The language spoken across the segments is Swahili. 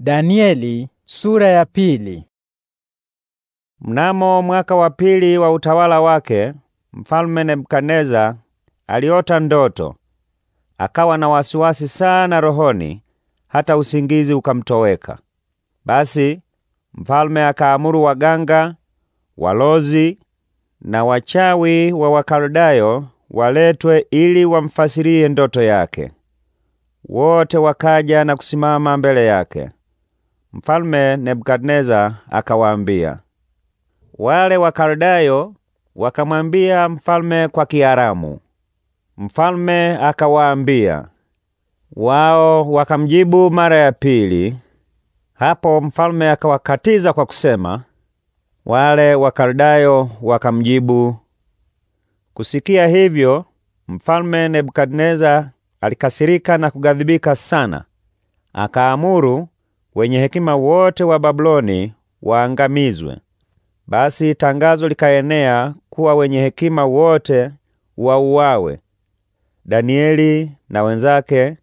Danieli sura ya pili. Mnamo mwaka wa pili wa utawala wake, mfalme Nebukadneza aliota ndoto. Akawa na wasiwasi sana rohoni, hata usingizi ukamtoweka. Basi mfalme akaamuru waganga, walozi na wachawi wa Wakaldayo waletwe ili wamfasirie ndoto yake. Wote wakaja na kusimama mbele yake. Mfalme Nebukadneza akawaambia, wale Wakaldayo wakamwambia mfalme kwa Kiaramu. Mfalme akawaambia, wao wakamjibu mara ya pili. Hapo mfalme akawakatiza kwa kusema, wale Wakaldayo wakamjibu. Kusikia hivyo, mfalme Nebukadneza alikasirika na kugadhibika sana, akaamuru wenye hekima wote wa babuloni waangamizwe. Basi tangazo likaenea kuwa wenye hekima wote wauawe. Danieli na wenzake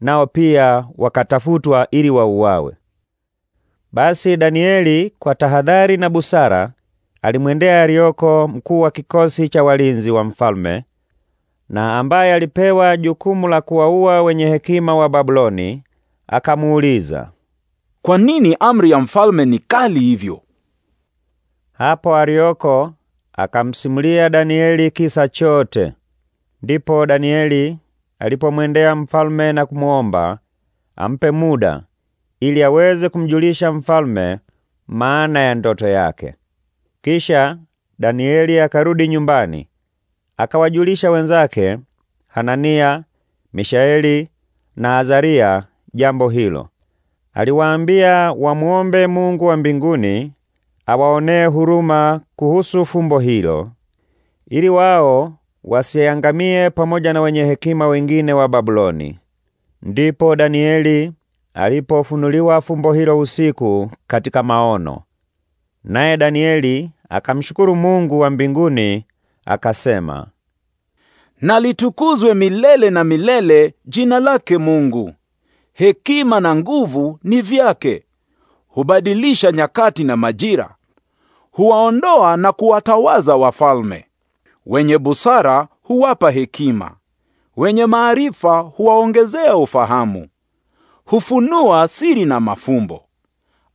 nao pia wakatafutwa ili wauawe. Basi Danieli kwa tahadhari na busara alimwendea Arioko, mkuu wa kikosi cha walinzi wa mfalme, na ambaye alipewa jukumu la kuwaua wenye hekima wa babuloni akamuuliza, kwa nini amri ya mfalme ni kali hivyo? Hapo Arioko akamsimulia Danieli kisa chote. Ndipo Danieli alipomwendea mfalme na kumuomba ampe muda ili aweze kumjulisha mfalme maana ya ndoto yake. Kisha Danieli akarudi nyumbani, akawajulisha wenzake Hanania, Mishaeli na Azaria jambo hilo aliwaambia wamuombe Mungu wa mbinguni awaonee huruma kuhusu fumbo hilo, ili wao wasiangamie pamoja na wenye hekima wengine wa Babuloni. Ndipo Danieli alipofunuliwa fumbo hilo usiku katika maono, naye Danieli akamshukuru Mungu wa mbinguni akasema, nalitukuzwe milele na milele jina lake Mungu hekima na nguvu ni vyake. Hubadilisha nyakati na majira, huwaondoa na kuwatawaza wafalme. Wenye busara huwapa hekima, wenye maarifa huwaongezea ufahamu. Hufunua siri na mafumbo,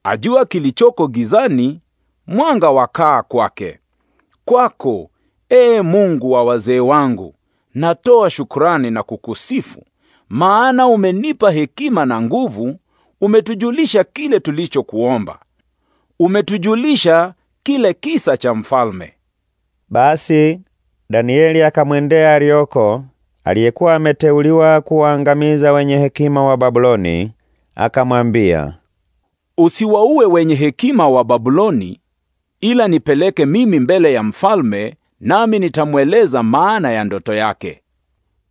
ajua kilichoko gizani, mwanga wakaa kwake. Kwako, ee Mungu wa wazee wangu, natoa shukrani na kukusifu maana umenipa hekima na nguvu, umetujulisha kile tulichokuomba, umetujulisha kile kisa cha mfalme. Basi Danieli akamwendea Arioko aliyekuwa ameteuliwa kuwaangamiza wenye hekima wa Babuloni, akamwambia, usiwaue wenye hekima wa Babuloni, ila nipeleke mimi mbele ya mfalme, nami nitamweleza maana ya ndoto yake.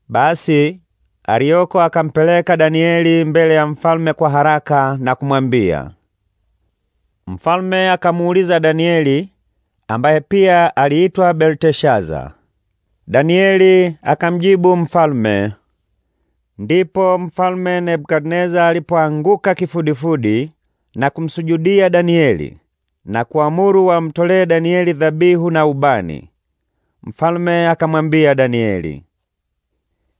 Basi Arioko akampeleka Danieli mbele ya mfalme kwa haraka na kumwambia. Mfalme akamuuliza Danieli ambaye pia aliitwa Belteshaza. Danieli akamjibu mfalme. Ndipo mfalme Nebukadneza alipoanguka kifudifudi na kumsujudia Danieli na kuamuru wamtolee Danieli dhabihu na ubani. Mfalme akamwambia Danieli,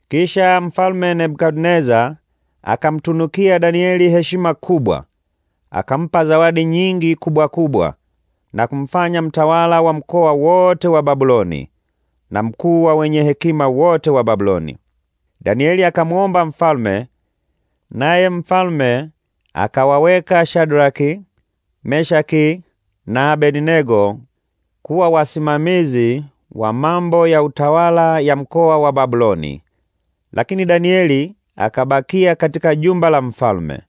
kisha mfalme Nebukadneza akamtunukia Danieli heshima kubwa, akampa zawadi nyingi kubwa kubwa na kumfanya mtawala wa mkoa wote wa Babuloni na mkuu wa wenye hekima wote wa Babuloni. Danieli akamwomba mfalme, naye mfalme akawaweka Shadraki, Meshaki na Abednego kuwa wasimamizi wa mambo ya utawala ya mkoa wa Babuloni. Lakini Danieli akabakia katika jumba la mfalme.